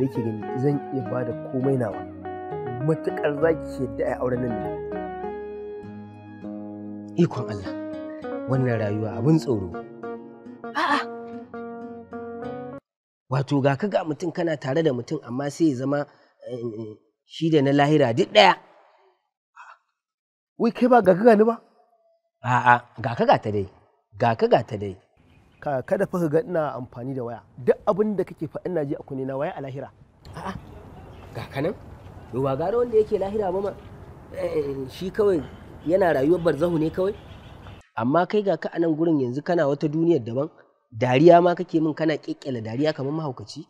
da yake gani zan iya ba da komai nawa matuƙar za ki yadda a auren nan ne ikon Allah wannan rayuwa abin tsoro a'a wato ga ka ga mutum kana tare da mutum amma sai ya zama eh, shi da na lahira duk ɗaya wai kai ba ga ka gani ba a'a ga ka ga ta dai ga ka ga ta dai kada fa ga ina amfani da waya duk abin da kake fa ina ji a kunne na waya a lahira a'a ga kanan yo ba gara wanda yake lahira ba ma eh, shi kawai yana rayuwar barzahu ne kawai amma kai ga ka a nan gurin yanzu kana wata duniyar daban dariya ma kake min kana kekkela dariya kamar mahaukaci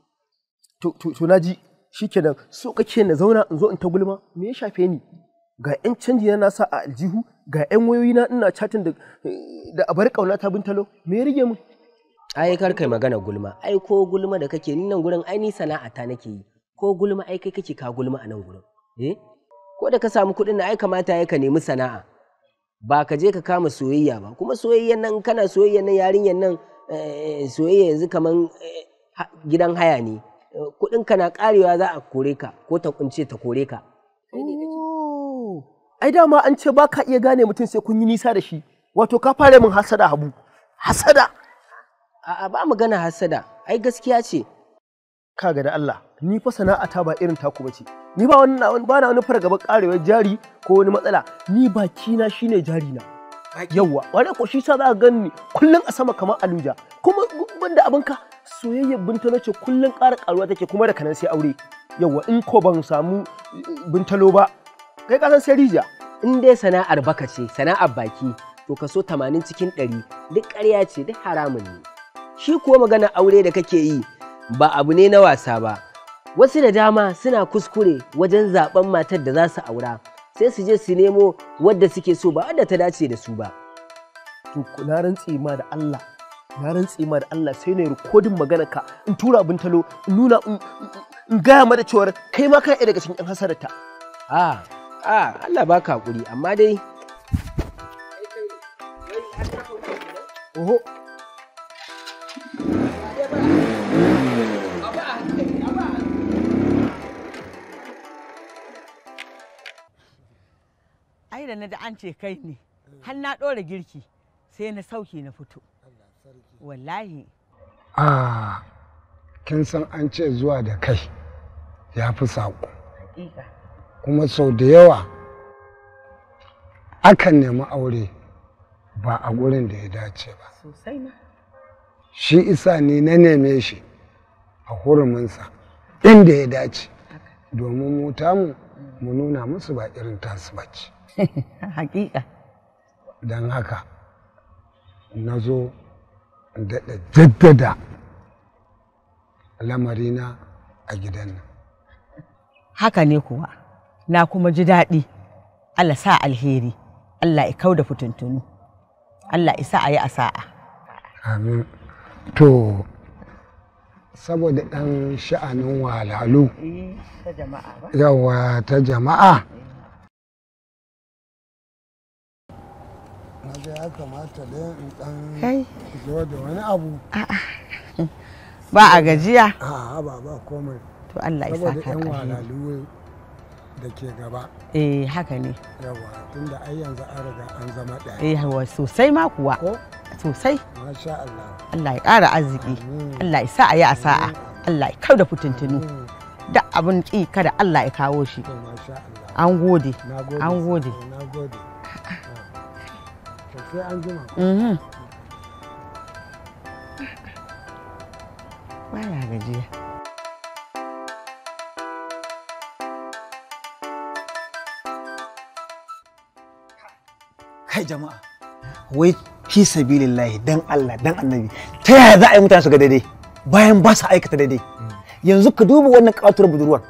to to na ji shikenan so kake na zauna in zo in ta gulma me ya shafe ni ga 'yan canji na nasa a aljihu ga 'yan wayoyi na ina chatin eh, da abar kauna ta bintalo me ya rige mu ai kar kai magana gulma ai ko gulma da kake ni nan gurin ai ni sana'ata nake yi ko gulma ai kai kake ka gulma a nan gurin eh ko da ka samu kuɗin na ai kamata ya ka nemi sana'a ba ka je ka kama soyayya ba kuma soyayyan nan kana soyayyan nan yarinyan nan eh, soyayya yanzu kaman eh, gidan haya ne kuɗin ka na karewa za a kore ka ko ta kunce ta kore ka oh! ai dama an ce ba ka iya gane mutum sai kun yi nisa da shi wato ka fara min hasada habu hasada A'a ba magana hasada, ai gaskiya ce. Kaga da Allah, ni fa sana'a ta ba irin taku bace. Ni ba wani ba na wani fargaba karewar jari ko wani matsala, ni bakina shine jari na. Yawwa, wani ko shi sa za ka ganni kullun a sama kamar aluja. Kuma banda ka? soyayya buntalo ce kullun ƙara ƙaruwa take kuma da kanan sai aure. Yawwa, in ko ban samu bintalo ba, kai ka san sai In dai sana'ar baka ce, sana'ar baki, to kaso 80 cikin 100 duk ƙarya ce duk haramun ne. shi kuwa magana aure da kake yi ba abu ne na wasa ba wasu da dama suna kuskure wajen zaben matar da za su aura sai su je su nemo wadda suke so ba wadda ta dace da su ba to na rantse ma da Allah na rantse ma da Allah sai na rikodin magana ka in tura abin talo in nuna in gaya mata cewar kai ma kana daga cikin yan hasararta a a Allah ba ka hakuri amma dai oho da na da an ce kai ne har na ɗora girki sai na sauke na fito wallahi a ah, kin san an ce zuwa da kai ya fi saƙo kuma sau da yawa akan nemi aure ba a gurin da ya dace ba shi isa ne na neme shi a huruminsa inda ya dace domin mu mu nuna musu ba irin tasu ba ce hakika don haka na zo daɗa jaddada lamarina a gidan nan haka ne kuwa na kuma ji daɗi Allah sa alheri Allah ya kau da fitintunu Allah isa a yi a sa'a amin to saboda ɗan sha'anin walalu yawa eh, ta jama'a ya ba a gajiya? a ba ba komai to Allah ya saka ka walalu da ke gaba eh haka ne yawa tunda ai yanzu an riga an zama ɗaya eh yawa sosai ma kuwa sosai masha Allah Allah ya ƙara arziki Allah ya sa a yi a sa'a Allah ya kauda fitintinu da abin ki kada Allah ya kawo shi an gode an gode Na gode. Sosai an jima mm-hmm. baya gajiya kai jama'a wai fi sabilillahi dan Allah dan annabi ta yaya za a yi mutane su ga daidai bayan ba su aikata daidai yanzu ka duba wannan katuwar budurwar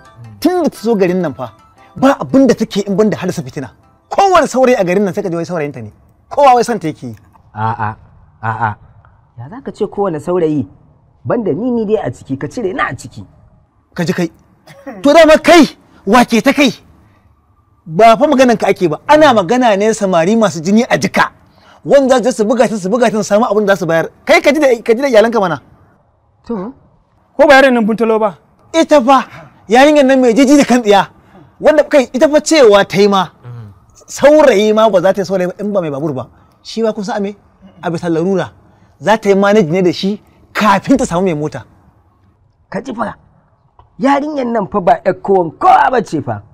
tun da ta zo garin nan fa ba abin da take in banda halisa fitina kowane saurayi a garin nan sai ka je wai ta ne kowa wai son ta yake yi a'a a'a ya za ka ce kowane saurayi banda ni ni dai a ciki ka cire ni a ciki ka ji kai to dama kai wake ta kai ba fa maganan ka ake ba ana magana ne samari masu jini a jika wanda za su buga su buga su samu abin da za su bayar kai ka ji da ka ji da iyalanka mana to ko ba nan buntalo ba ita fa yarinyar nan mai jiji da kan tsiya wanda kai ita fa cewa ta yi ma saurayi ma ba za ta yi saurayi in ba mai babur ba shi ba kusa ame a bisa larura za ta yi manage ne da shi kafin ta samu mai mota ka ji fa yarinyar nan fa ba ƴar kowan kowa ba ce fa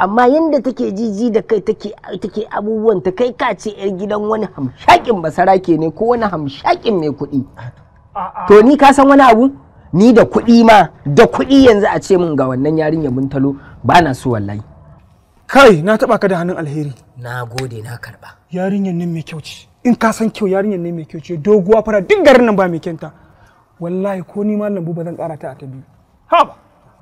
amma yadda take jiji da kai take abubuwan ta kai ka ce yar gidan wani hamshakin ke ne ko wani hamshakin mai kuɗi to ni ka san wani abu ni da kuɗi ma da kuɗi yanzu a ce min ga wannan yarinya mun talo ba na so wallahi kai na taba ka da hannun alheri na gode na karba yarinyar nan mai kyau in ka san kyau yarinyar nan mai kyau doguwa fara duk garin nan ba mai kyanta wallahi ko ni ma lambu ba zan ƙara ta a ta biyu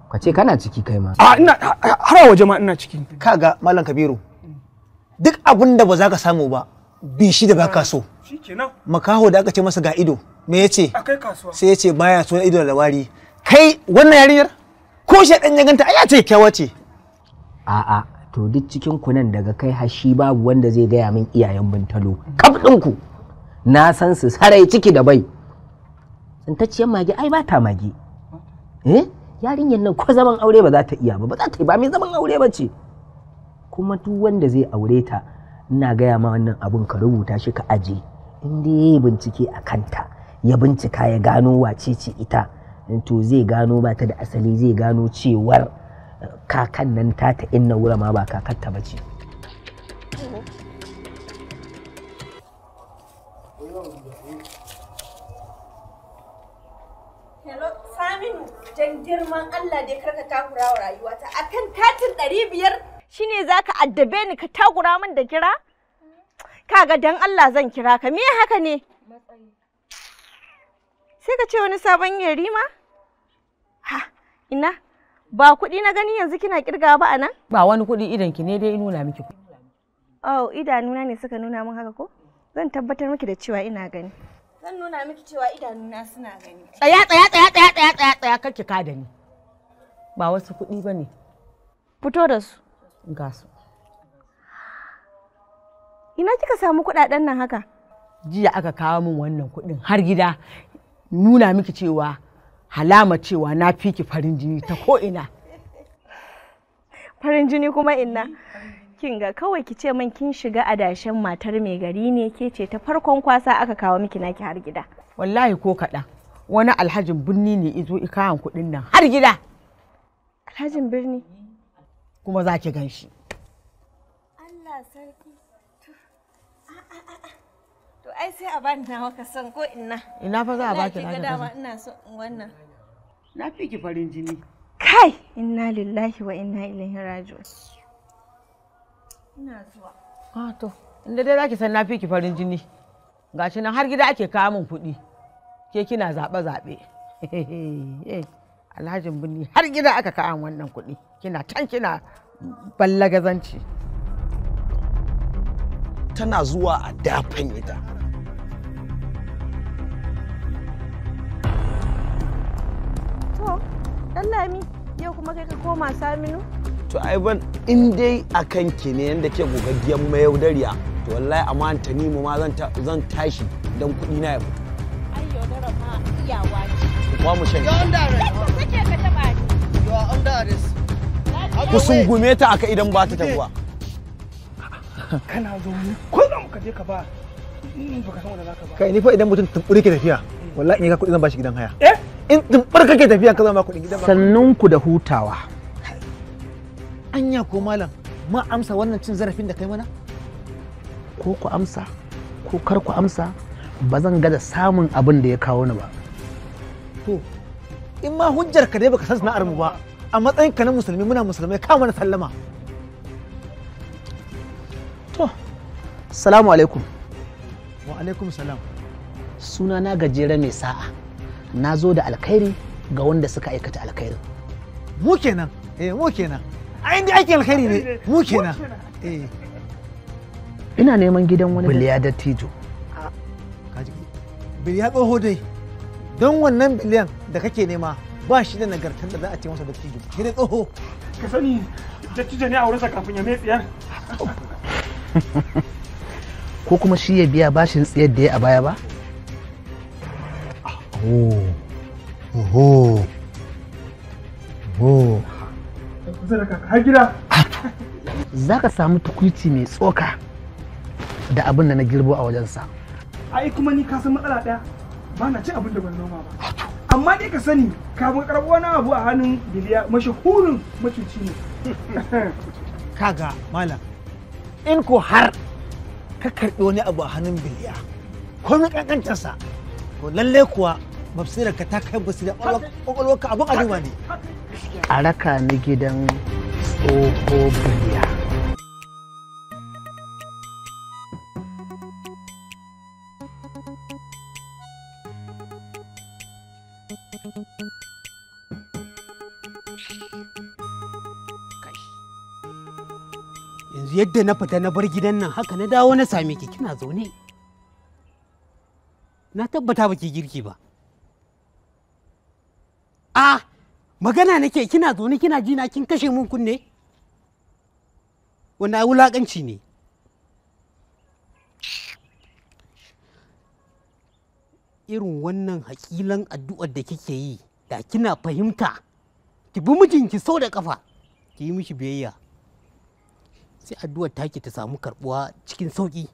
ka ce kana ciki kai ma a ah, ina har waje ma ina ciki kaga malam kabiru duk abin da ba za ka samu ba bi shi da baka so makaho da aka ce masa ga ido me yace sai yace baya so ido da wari kai wannan yarinyar ko shi dan ya ganta ai ce kyawa ce a'a to duk cikin ku nan daga kai hashi babu wanda zai gaya min iyayen bintalo kaf ku na san su sarai ciki da bai tsintacciyar mage ai ba ta mage eh yarinyar nan ko zaman aure ba za ta iya ba ba za ta yi ba mai zaman aure ba ce kuma duk wanda zai aure ta ina gaya ma wannan abun ka rubuta shi ka aje in dai ya yi bincike a kanta ya bincika ya gano wace ce ita to zai gano ba ta da asali zai gano cewar eh, kakan nan ta ta inna wura ma ba kakanta ba ce Allah dai karka takura wa rayuwata akan katin ɗari biyar shine zaka addabe ni ka takura min da kira kaga dan Allah zan kira ka me haka ne sai ka ce wani sabon ma? ha ina ba kuɗi na gani yanzu kina kirga ba anan ba wani kuɗi idan ki ne dai nuna miki oh idanuna ne suka nuna min haka ko zan tabbatar miki da cewa ina gani zan nuna miki cewa idanuna suna gani tsaya tsaya tsaya tsaya tsaya tsaya kake ka da ni ba wasu kuɗi ba ne fito da su ga su ina kika samu kuɗaɗen nan haka jiya aka kawo min wannan kuɗin har gida nuna miki cewa halama cewa na fi ki farin jini ta ko ina farin jini kuma inna kin ga kawai ki ce min kin shiga adashin matar mai gari ne ke ce ta farkon kwasa aka kawo miki naki har gida wallahi ko kaɗan wani alhajin birni ne izo ikawan kuɗin nan har gida Alhajin birni. Kuma za ki gan shi. Allah sarki. To ai sai a bani nawa ka san ko inna. Ina fa za a baki na dama ina so in wannan. Na fi ki farin jini. Kai inna lillahi wa inna ilaihi raji'un. Ina zuwa. Ah to inda dai zaki san na fi ki farin jini. Gashi nan har gida ake kawo min kuɗi. Ke kina zaɓe-zaɓe. alhajin birni har gida aka ka'an wannan kuɗi kina can kina ballagazanci tana zuwa a dafan ita to lami yau kuma kai ka koma saminu to ai ban in dai akan ki ne yanda ke gogaggiyar mayaudariya to wallahi amma mu ma zan tashi don kuɗi na ya Ayyo da iyawa ce kwa mu shan ku sungume ta aka idan ba ta tabuwa kana zaune ko za ka je ka ba ka san wanda zaka ba kai ni fa idan mutum tumbure ke tafiya wallahi in ka kuɗi zan bashi gidan haya eh in tumbar kake tafiya ka zama din gidan sannun ku da hutawa anya ko malam ma amsa wannan cin zarafin da kai mana ko ku amsa ko kar ku amsa ba zan gada samun abin da ya kawo ni ba to in ma hujjar ka dai baka san sana'ar mu ba a matsayin ka na musulmi muna musulmai kama na sallama to salamu alaikum wa alaikum salam suna na gajere mai sa'a na zo da alkhairi ga wanda suka aikata alkhairin mu kenan eh mu kenan a inda ake alkhairi ne mu kenan eh ina neman gidan wani biliya da tijo biliya tsoho dai don wannan biliyan da kake nema ba shi da nagartar da za a ce masa dattijo sai dai tsoho ka sani dattijo ne a sa kafin ya mai eh? ko kuma shi ya biya bashin tsiyar da ya a baya ba oho oho za ka samu tukuici mai tsoka da abin da na girbo a wajensa ai kuma ni ka san matsala daya ba na ci abin da ban noma ba amma dai ka sani kafin karɓo wani abu a hannun biliya mashahurin macuci ne kaga malam in ko har ka karɓi wani abu a hannun biliya ko mai kankantarsa ko lallai kuwa mafsirar ka ta kai basira kwakwalwarka abin aduwa ne a raka ni gidan tsoho biliya yadda na fita na bar gidan nan haka na dawo na same ki kina zaune na tabbata baki girki ba a magana nake kina zaune kina jina kin kashe mun kunne wanda wulakanci ne irin wannan hakilan addu'ar da kike yi da kina fahimta ki bi mijinki sau da ƙafa, ki yi mishi biyayya sai addu'ar taki ta samu karbuwa cikin sauki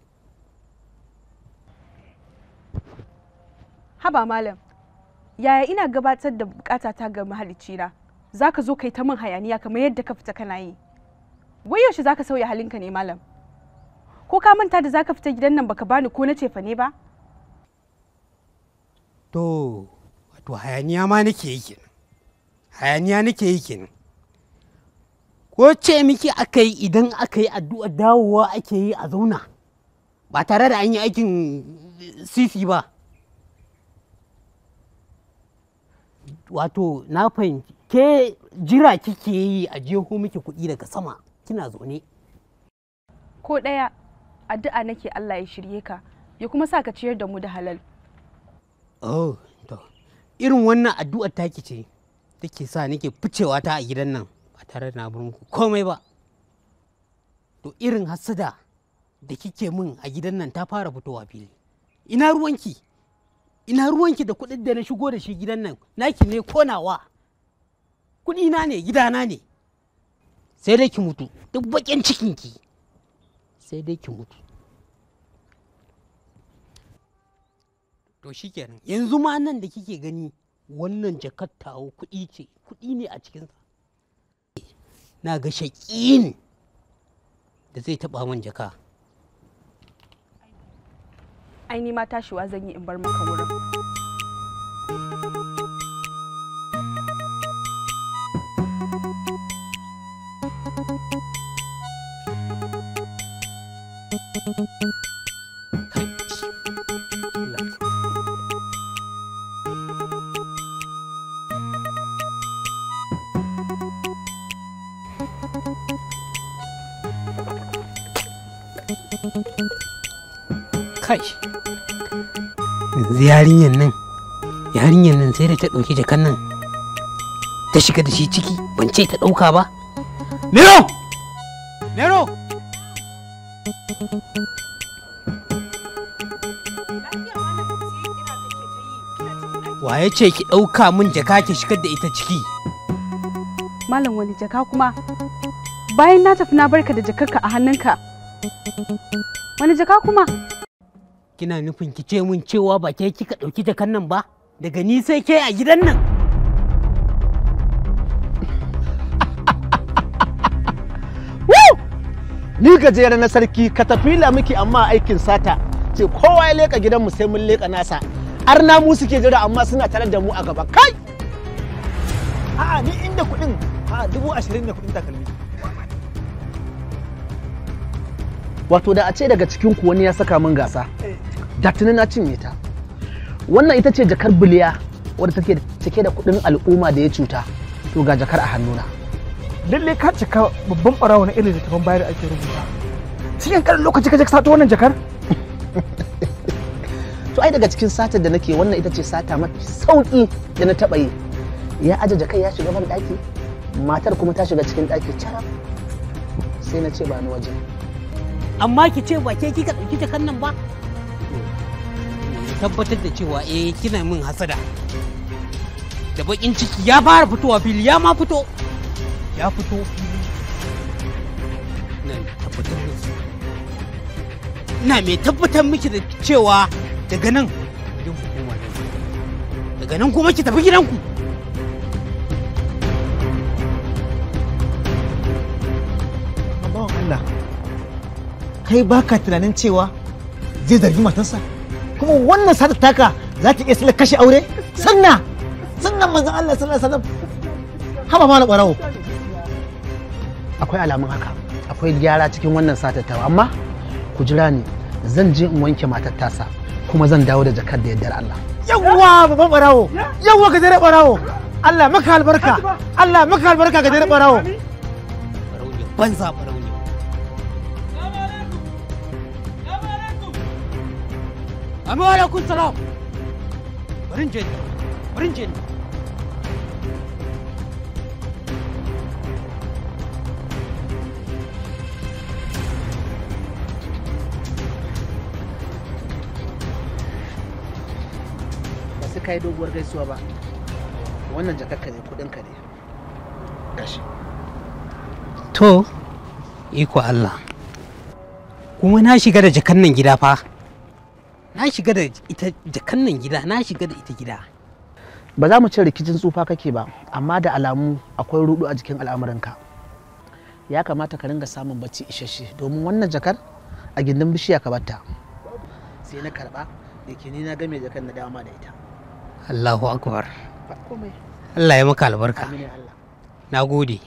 haba malam yaya ina gabatar da bukatata ga na? za ka zo kai ta min hayaniya kamar yadda ka fita kana yi wai yaushe za ka sauya halinka ne malam ko ka manta da za ka fita gidan nan baka bani ko na cefa ne ba to wato hayaniya ma nake yi kenan hayaniya nake yi kenan ko ce miki aka yi idan aka yi addu'a dawowa ake yi a zauna ba tare da an yi aikin sifi ba wato na fahimci ke jira kike yi a jeho miki kuɗi daga sama kina zaune ko ɗaya addu'a nake Allah ya shirye ka ya kuma sa ka ciyar da mu da halal oh to irin wannan addu'ar taki ce take sa nake ficewa ta a gidan nan ba tare da na ku komai ba to irin hasada da kike min a gidan nan ta fara fitowa fili ina ruwanki ina ruwanki da kuɗin da na shigo da shi gidan nan naki ne konawa kuɗina ne gidana ne sai dai ki mutu duk baƙin cikinki sai dai ki mutu to shikenan yanzu ma nan da kike gani wannan jakar tawo kuɗi ce kuɗi ne a cikinsa na ga shaƙin da zai taɓa min jaka ai nima ma tashiwa zan yi in bar maka wurin Thank you. kai yanzu yarinyar nan yarinyan nan sai da ta ɗauki jakan nan ta shiga da shi ciki ban ce ta ɗauka ba nero nero waye ce ki ɗauka min jaka ki shigar da ita ciki malam wani jaka kuma bayan na tafi na barka da jakarka a hannunka wani jaka kuma kina nufin ki ce min cewa ba ke kika ɗauki jakan nan ba daga ni sai ke a gidan nan ni gajere na sarki ka la miki amma aikin sata ce kowa ya leka gidanmu sai mun leka nasa ar mu suke jira amma suna tare da mu a gaba kai a'a ni inda kuɗin a dubu ashirin ne kuɗin takalmi wato da a ce daga cikin ku wani ya saka min gasa eh. da tuni na cinye ta wannan ita ce jakar biliya wadda take cike da kuɗin al'umma da ya cuta to ga jakar a hannuna lalle ka cika babban barawa na irin littafin bayar da ake rubuta cikin karin lokaci ka je ka sato wannan jakar to ai daga cikin satar da nake wannan ita ce sata mafi sauki da na taba yi ya aje jakar ya shiga ban daki matar kuma ta shiga cikin daki cara sai na ce ba ni waje amma ki ce ba ke kika dauki jakar nan ba tabbatar da cewa eh kina min hasada da bakin ciki ya fara fitowa fili ya ma fito ya fito fili nan tabbatar da su ina mai tabbatar miki da cewa daga nan gidan ku ne daga nan kuma ki tafi gidanku amma Allah kai baka tunanin cewa zai zargi matarsa kuma wannan sadar taka za ta iya sallar kashe aure sannan sannan manzon Allah sallallahu alaihi wasallam haba ma na akwai alamun haka akwai gyara cikin wannan tawa amma ku jira ni zan je in wanke matar tasa kuma zan dawo da jakar da yardar Allah yawwa babban barawo yawwa ka jere barawo Allah maka albarka Allah maka albarka ka jere barawo banza barawo amma alaikun salam barin je barin je ba su kai doguwar gaisuwa ba wannan jakakka ne kudinka ne gashi to iko Allah kuma na shiga da jakan nan gida fa na shiga da ita jakannan gida na shiga da ita gida ba za mu ce rikicin tsufa kake ba amma da alamu akwai rudu a jikin al'amuranka ya kamata ka ringa samun bacci isasshe domin wannan jakar a gindin bishiya ka batta sai na karba da ke ni na ga mai jakar na dama da ita Allahu akbar Allah ya maka albarka na gode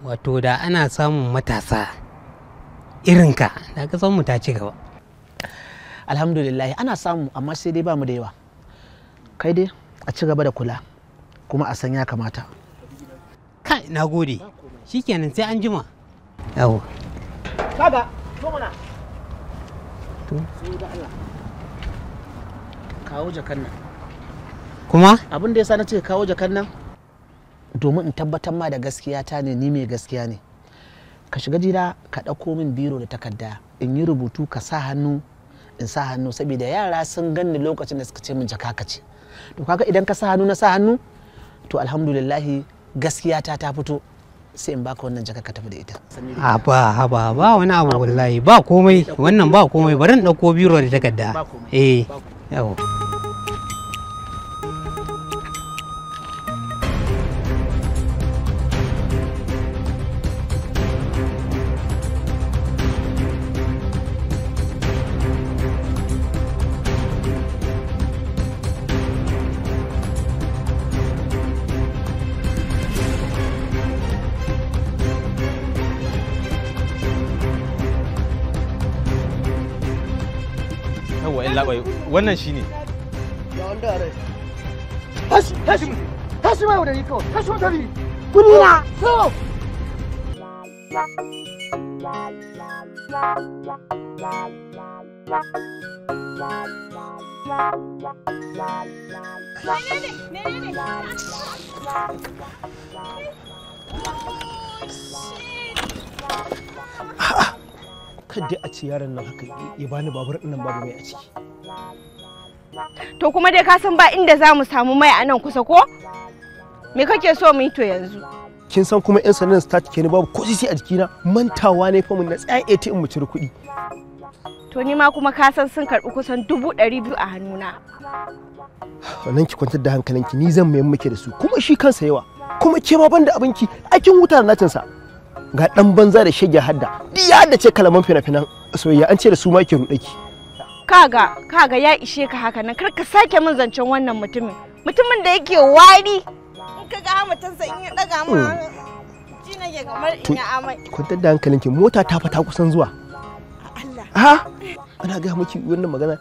wato da ana samun matasa irinka da ka san mu ta ci gaba alhamdulillah ana samu amma sai dai bamu da yawa kai dai a ci gaba da kula kuma a san ya kamata kai na gode shikenan sai an jima yawo kaga to mana to da Allah kawo jakan nan kuma abin da yasa na ce kawo jakan nan domin in tabbatar ma da gaskiya ta ne ni mai gaskiya ne ka shiga jira ka ɗauko min biro da takarda in yi rubutu ka sa hannu in sa hannu saboda yara sun ganni lokacin da suka ce min jaka ce to kaga idan ka sa hannu na sa hannu to alhamdulillah gaskiya ta ta fito sai in baka wannan jaka ka tafi da ita a ba ba ba wani abu wallahi ba komai wannan ba komai bari in dauko biro da takarda eh yawa l a bai w a n a shine ya n d a r e tashi tashi tashi m a w a d i k a w a s h i wadari k u n na so Ah! kan dai a ce yaron nan haka ya bani babur nan babu mai a ciki to kuma dai ka san ba inda za mu samu mai a nan kusa ko me kake so mu yi to yanzu kin san kuma yan sandan start ke ni babu ko sisi a jikina mantawa ne fa mun na tsaya ATM mu cire kuɗi to ni ma kuma ka san sun karɓi kusan dubu ɗari biyu a hannuna wannan ki kwantar da hankalinki ni zan mayan muke da su kuma shi kansa yawa kuma ke ma banda abinki akin wuta na nacinsa ga dan banza da shege hadda diya da ce kalaman fina-finan soyayya an ce da su ma ke rudaki kaga kaga ya ishe ka haka nan kar ka sake min zancen wannan mutumin mutumin da yake wari in ka ga hamatansa in ya daga ma hmm. ji nake kamar in ya amai kwantar da ki mota ta fata kusan zuwa ha ana ga miki wannan magana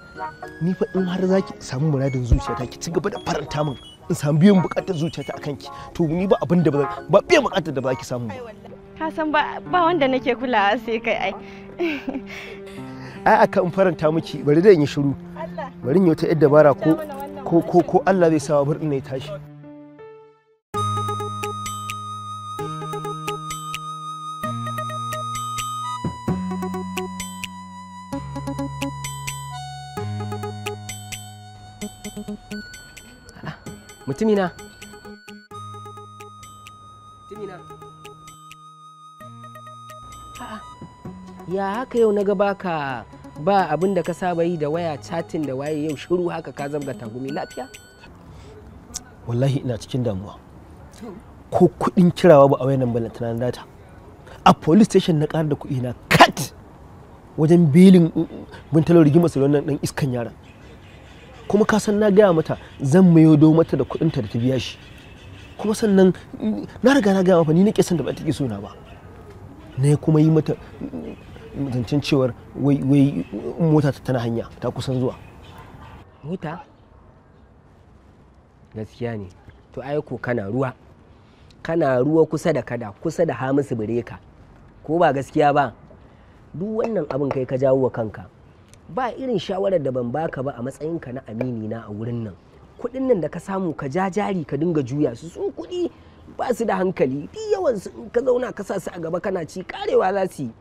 ni fa in har zaki samu muradin zuciyata ki ci gaba da faranta min in samu biyan bukatar zuciyata akan ki to ni ba abin da ba ba biyan bukatar da ba ki samu ba ka san ba wanda nake kula sai kai ai ai aka in faranta miki bari dai in yi shiru bari in yi wata yadda bara ko ko ko Allah zai sa bar ina ya tashi mutumina ya haka yau na ga baka ba abin da ka saba yi da waya chatin da waye yau shiru haka ka zabga tagumi lafiya wallahi ina cikin damuwa ko kudin kirawa ba a wayan bane tunanin data a police station na karar da kuɗi na kat wajen belin buntalo mm, mm, rigima su wannan dan iskan yaran kuma ka san na gaya mata zan mayo do mata da ta da ta biya shi kuma sannan mm, na riga na gaya mata ni nake son da ba take so na ba na kuma yi mata zancen cewar wai mota ta tana hanya ta kusan zuwa mota gaskiya ne to aiko kana ruwa kana ruwa kusa da kada kusa da hamisu bireka ko ba gaskiya ba duk wannan abin kai ka jawo wa kanka ba irin shawarar da ban baka ba a matsayinka na amini na a wurin nan kuɗin nan da ka samu ka ja jari ka dinga juya su su kuɗi ba su da hankali duk yawan ka zauna ka sa su a gaba kana ci karewa za su yi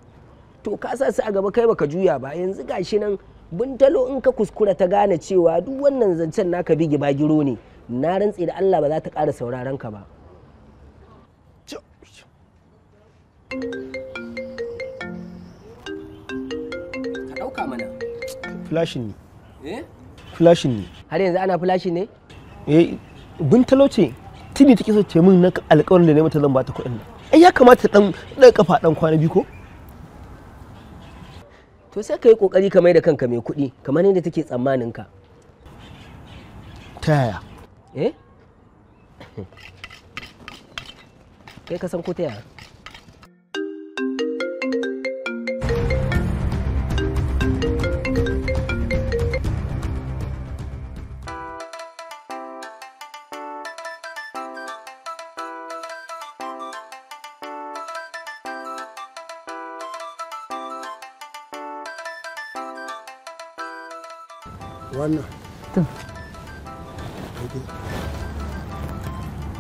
to ka sa su a gaba kai baka juya ba yanzu gashi nan buntalo in ka kuskura ta gane cewa duk wannan zancen naka bigi ba giro ne na rantse da Allah ba za ta ƙara sauraron ka ba ka ɗauka mana flashin ne eh? flashin ne har yanzu ana flashin ne eh buntalo ce tini take so ce min na alƙawarin da ne mata zan ba ta kuɗin ai ya kamata dan ɗaga kafa dan kwana biyu ko to sai ka yi kokari ka mai da kanka mai kuɗi kamar yadda take tsammanin ka ta yaya eh kai ka san ko ta yaya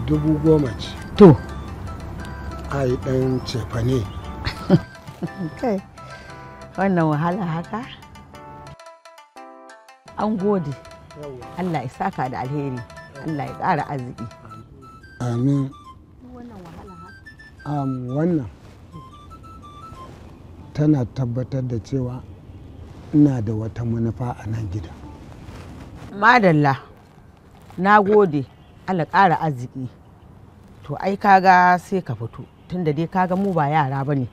dubu goma ce to a yi ɗan cefa ne kai wannan wahala haka an gode allah ya saka da alheri allah ya ƙara arziki amin wannan tana tabbatar da cewa ina da wata manufa a nan gida madalla na gode ala ƙara arziki to ai kaga sai ka fito tunda dai kaga mu ba yara ba ne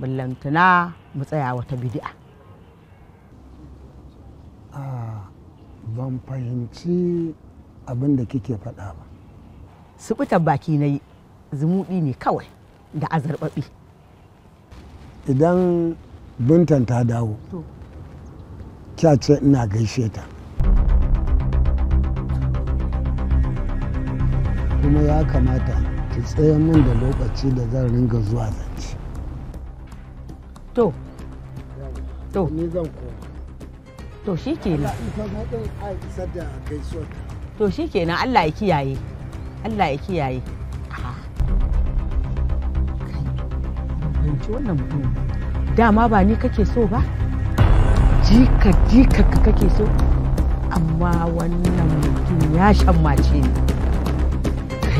ballantana mu tsaya wata bidi'a ah, ban fahimci abin da kike faɗa ba subutar baki na yi zumuɗi ne kawai da azarbaɓi idan bintan ta dawo kya ce ina gaishe ta kuma ya kamata ki tsaye min da lokaci da zan ringa zuwa zance to to to shi kenan to shi kenan allah ya kiyaye allah ya kiyaye wannan mutum dama ba ni kake so ba jika jika ka kake so amma wannan mutum ya shammace ni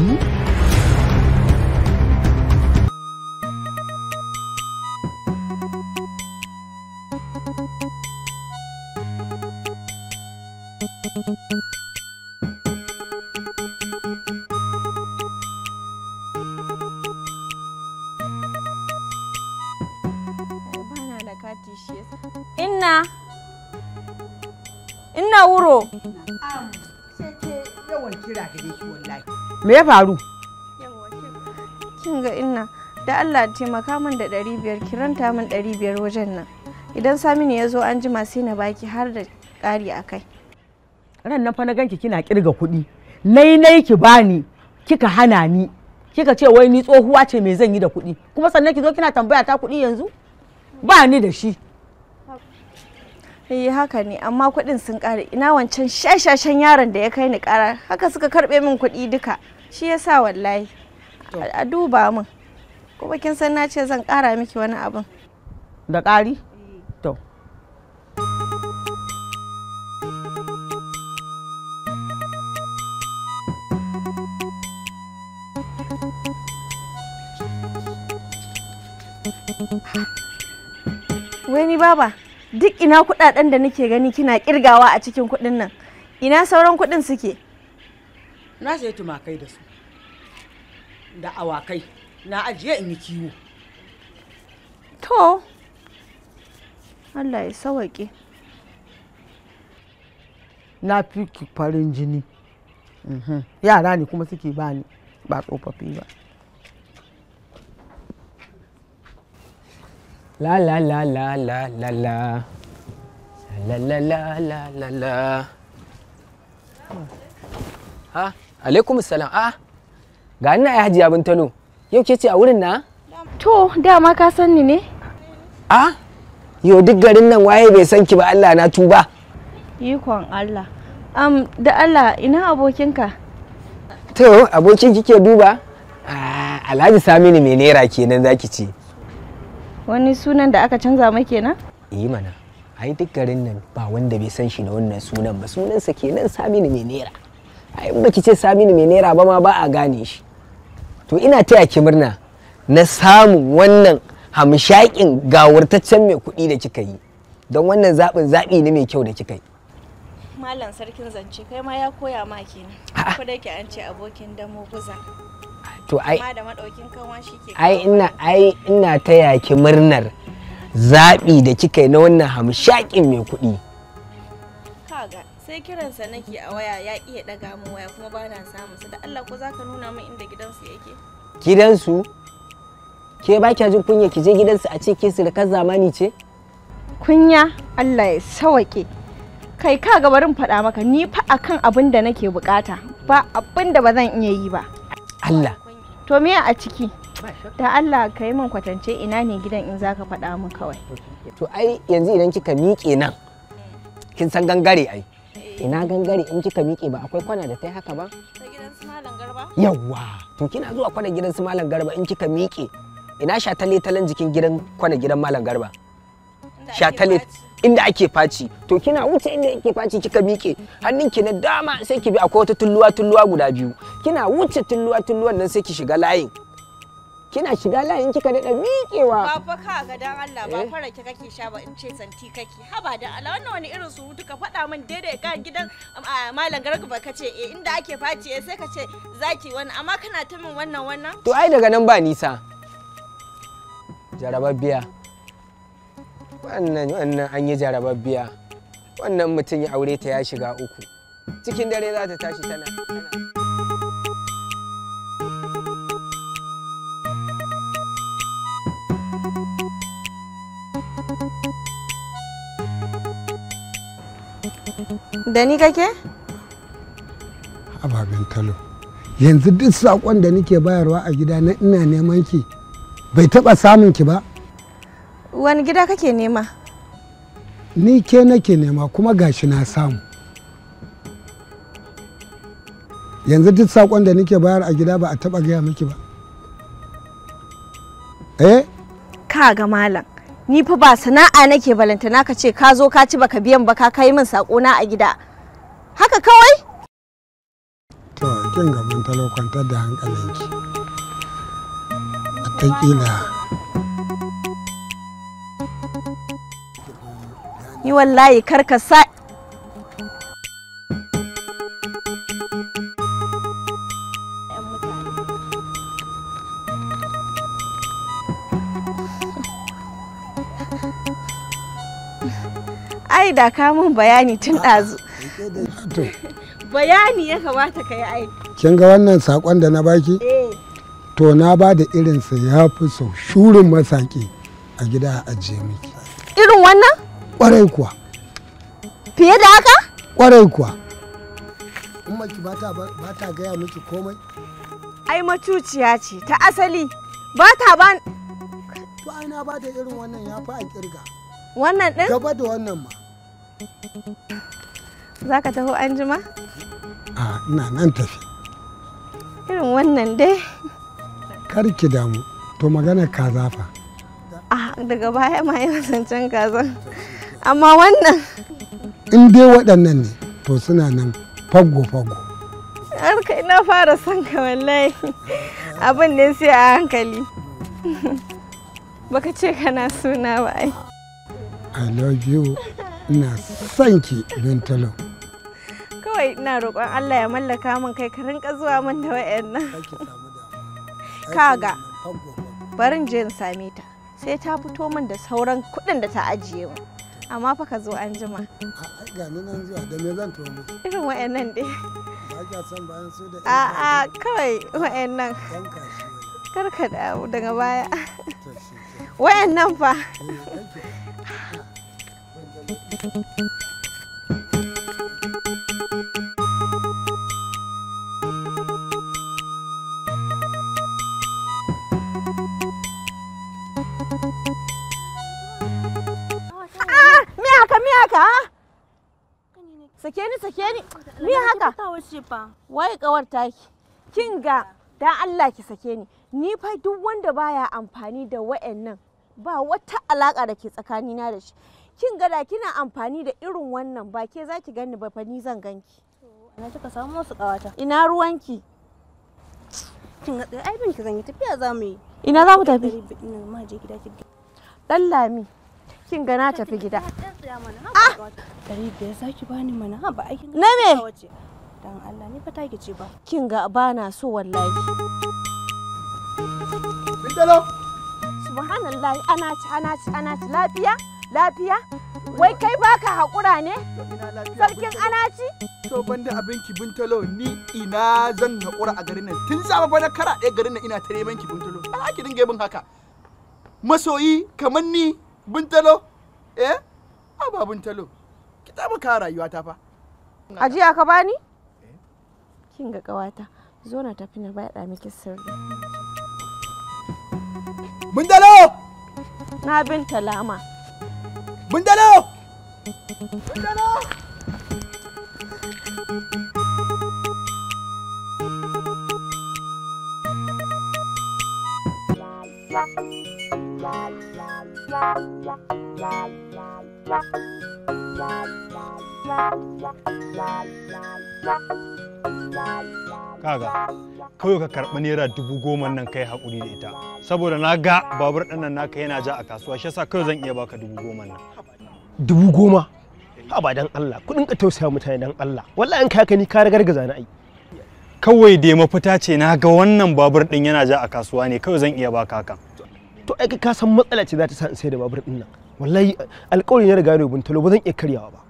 Hmm? me ya faru kin ga inna da Allah taimaka min da ɗari biyar kiranta min ɗari biyar wajen nan idan saminu ya zo an sai na baki har da ƙari a kai ran nan na ganki kina kirga kuɗi nai ki bani kika hana ni kika ce wai ni tsohuwa ce mai zan yi da kuɗi kuma sannan ki zo kina tambaya ta kuɗi yanzu ba ni da shi eh haka ne amma kuɗin sun kare ina wancan shashashen yaron da ya kai ni kara haka suka karɓe min kuɗi duka shi yasa wallahi a duba min kuma kin san na ce zan ƙara miki wani abin da ƙari eh. to wani baba duk ina kudaden da nake gani kina kirgawa a cikin kudin nan ina sauran kudin suke na sayi tumakai da su da awakai na ajiye in yi kiwo to allah ya sawaƙe na fi farin jini mhm. yara ne kuma suke ba ni ba tsofaffi ba la la la la la la la la la la la la la ha alaikum salam a ah, ga ina ai hajiya bintano tano yau ke ce a wurin na to dama ka san ni ne a ah, yau duk garin nan waye bai san ki ba Allah na tuba ikon Allah am da Allah ina abokinka to abokin kike duba ah, Alhaji Saminu mai naira kenan zaki ce wani sunan da aka canza mai kenan eh mana ai duk garin nan ba wanda bai san shi da wannan sunan ba sunansa kenan Saminu mai naira ai ki ce saminu mai naira ba ma ba a gane shi to ina taya ki murna na samun wannan hamshakin gawurtaccen mai kuɗi da kika yi don wannan zaɓin zaɓi ne mai kyau da kika yi malam sarkin zance kai ma ya koya ma ne ko da yake an ce abokin damo guza to ai da madaukin kanwa shike ai ina ai ina taya ki murnar zaɓi da kika yi na wannan hamshakin mai kuɗi kaga sai kiransa nake a waya ya iya daga mu waya kuma ba na samun su da Allah ko zaka nuna min inda gidansu yake gidansu ke ba kya jin kunya ki je gidansu a ce ke surukar zamani ce kunya Allah ya sauke kai ka ga barin faɗa maka ni fa akan abin da nake bukata ba abin da ba zan iya yi ba Allah to me a ciki da Allah ka yi min kwatance ina ne gidan in zaka faɗa min kawai to ai yanzu idan kika miƙe nan kin san gangare ai ina eh, gangare in kika miƙe ba akwai kwana da ta yi haka ba yawwa to kina zuwa kwana gidan su malam garba in kika miƙe ina shatale talan jikin gidan kwana gidan malam garba shatale inda ake faci to kina wuce inda ake faci kika miƙe Hannun ki na dama sai ki bi akwai wata tulluwa tulluwa guda biyu kina wuce tulluwa tulluwan nan sai ki shiga layin kina shiga layin kika daɗa miƙewa. Ba fa ka ga dan Allah ba eh? fara ki kake sha ba in ce santi kake. Haba da Allah wannan wani irin su ka faɗa min daidai ka gidan um, malam garga ba ka ce eh inda ake faci eh sai ka ce zaki wannan amma kana ta min wannan wannan. To ai daga nan ba nisa. Jarababbiya. Wannan wannan an yi jarababbiya. Wannan mutum ya aure ta ya shiga uku. Cikin dare za ta tashi tana. tana. da ni kake ababen talo yanzu duk sakon da nake bayarwa a gida na ina neman ki bai taɓa samun ki ba wani gida kake nema ni ke nake nema kuma gashi na samu yanzu duk sakon da nake bayar a gida ba a taɓa gaya miki ba eh ka ga malam ni fa ba sana'a nake balantana ka ce ka zo ka ci baka biyan ba ka kai min sako na a gida haka kawai to kin ga mun talo kwantar da hankalinki wataƙila ni wallahi kar ka sa ai da ka mun bayani tun ɗazu bayani ya kamata ka yi ai kin ga wannan sakon da na baki eh. to na ba da irinsa ya fi so shurin masaki a gida a ajiye miki irin wannan kwarai kuwa fiye da haka kwarai kuwa umarki ba ta gaya miki komai ai matuciya ce ta asali ba ta ba ba na ba da irin wannan ya fi a kirga wannan ɗin gaba da wannan ma Za ka taho an jima? A ina nan tafi. Irin wannan dai. Kar ki damu, to magana ka zafa. A daga baya ma yi can kazan. Amma wannan. In dai waɗannan ne, to suna nan faggo-faggo. Harka ina fara son ka wallahi. Abin ne sai a hankali. Baka ce kana suna ba ai. I love you. ina son ki bintalo kawai ina roƙon Allah ya mallaka min kai ka rinka zuwa min da wayannan kaga barin je in same ta sai ta fito min da sauran kuɗin da ta ajiye mu amma fa ka zo an jima ga ni nan zuwa da me zan tomo irin wayannan dai a'a kawai wayannan karka da daga baya wayannan fa eh, Ah, ah. sakeni sakeni haka wai kawar taki kin ga dan Allah ki sakeni ni ni fa duk wanda baya amfani da wayannan ba wata alaƙa da ke tsakanina da shi kin gada kina amfani da irin wannan ba ke za ki gani ba fa ni zan ganki ina kika samu wasu kawata ina ruwanki kin ga ai bin ki zan yi tafiya za mu yi ina za mu tafi ina ma je gida ki dan lami kin ga na tafi gida ah dari da ya saki bani mana ha ba aikin na me dan Allah ni fa take ce ba kin ga bana so wallahi Bidalo Subhanallah ana ci ana ci ana ci lafiya Lafiya? Wai kai baka haƙura ne? Sarkin anaci? To banda abin kibin talo ni ina zan haƙura a garin nan. Tun zaba fa na kara ɗaya garin nan ina ta neman kibin talo. Ba ki dinga yin haka. Masoyi kamar ni bintalo? Eh? Aba bintalo. Ki ta baka rayuwa ta fa. Ajiya ka bani? Kin ga ƙawata. Zo na tafi na bada miki sirri. Bintalo! Na bin talama. Bundalo! Bundalo! Kaga, kawai ka karɓi naira dubu goma nan kai haƙuri da ita, saboda na ga babur ɗin nan naka yana ja a kasuwa, shi yasa kawai zan iya baka dubu goma nan. dubu goma ba dan Allah kudin ka tausaya mutane dan Allah wallahi in ka ni ka ragargaza ni ai kawai dai mafita ce na ga wannan babur din yana ja a kasuwa ne kawai zan iya baka hakan to ai ka san matsala ce za ta sa in sai da babur din nan wallahi alƙawari ne riga ne bin talo ba zan iya karyawa ba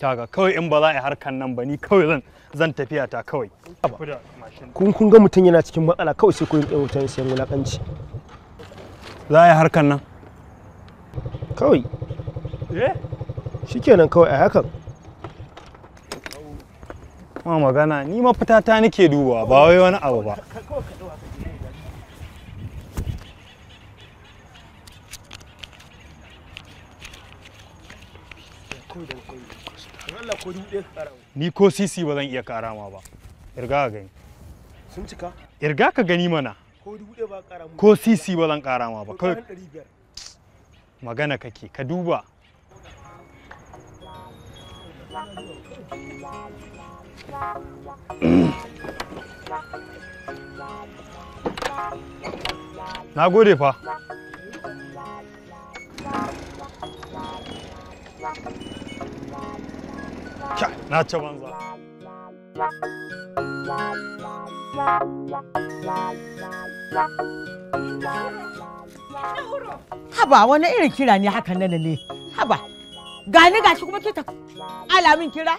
kaga kawai in ba za a yi harkan nan ba ni kawai zan zan tafiya ta kawai kun kun ga mutum yana cikin matsala kawai sai ku rinƙe wutan sayan wulakanci za a yi harkan nan kawai eh? shikenan kawai a hakan ma magana ni mafita ta nake duba ba wai wani abu ba ni ko sisi ba zan iya karama ba irga ka gani sun cika irga ka gani mana ko sisi ba zan karama ba kawai magana kake ka duba na gode fa na ci banza Haba wani irin kira ne haka nan ne. Haba. Gani gashi kuma ke ta alamin kira?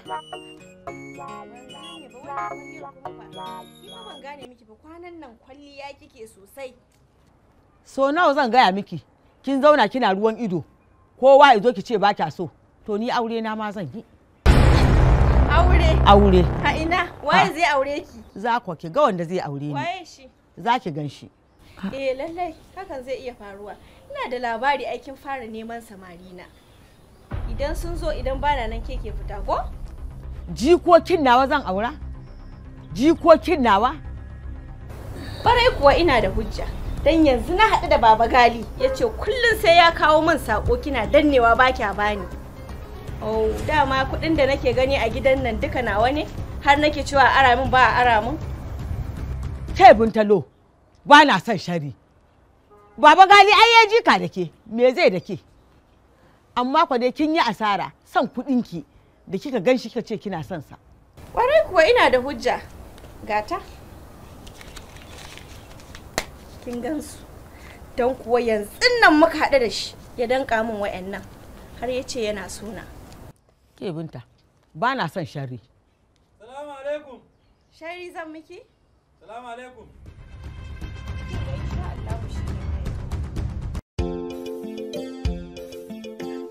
ban gane miki ba kwanan nan kwalliya kike sosai. So nawa zan gaya miki. Kin zauna kina ruwan ido. Kowa ya zo ki ce ba kya so. To ni aure na ma zan yi. Aure. Aure. Ka ina? Waye zai aure ki? Za ku ki ga wanda zai aure ni. Waye shi? Za ki gan shi. Ah. eh lallai hakan zai iya faruwa ina da labari aikin fara neman samari na idan sun zo idan bana nan keke fita ko jikokin nawa zan aura jikokin nawa Bare kuwa ina da hujja dan yanzu na haɗu da baba gali yace ce kullum sai ya kawo min sako kina dannewa ba kya bani oh dama kuɗin da nake gani a gidan nan duka nawa ne har nake cewa ara min ba a ara min kai buntalo ba na son shari baba gali ai ya jika da ke me zai da ke amma kwa dai kin yi asara son kuɗinki da kika gan shi kika ce kina son sa kwarai kuwa ina da hujja gata kin gansu don kuwa yanzu nan muka haɗu da shi ya danka min wayannan har ya ce yana suna ke binta ba na son shari salamu alaikum shari zan miki salamu alaikum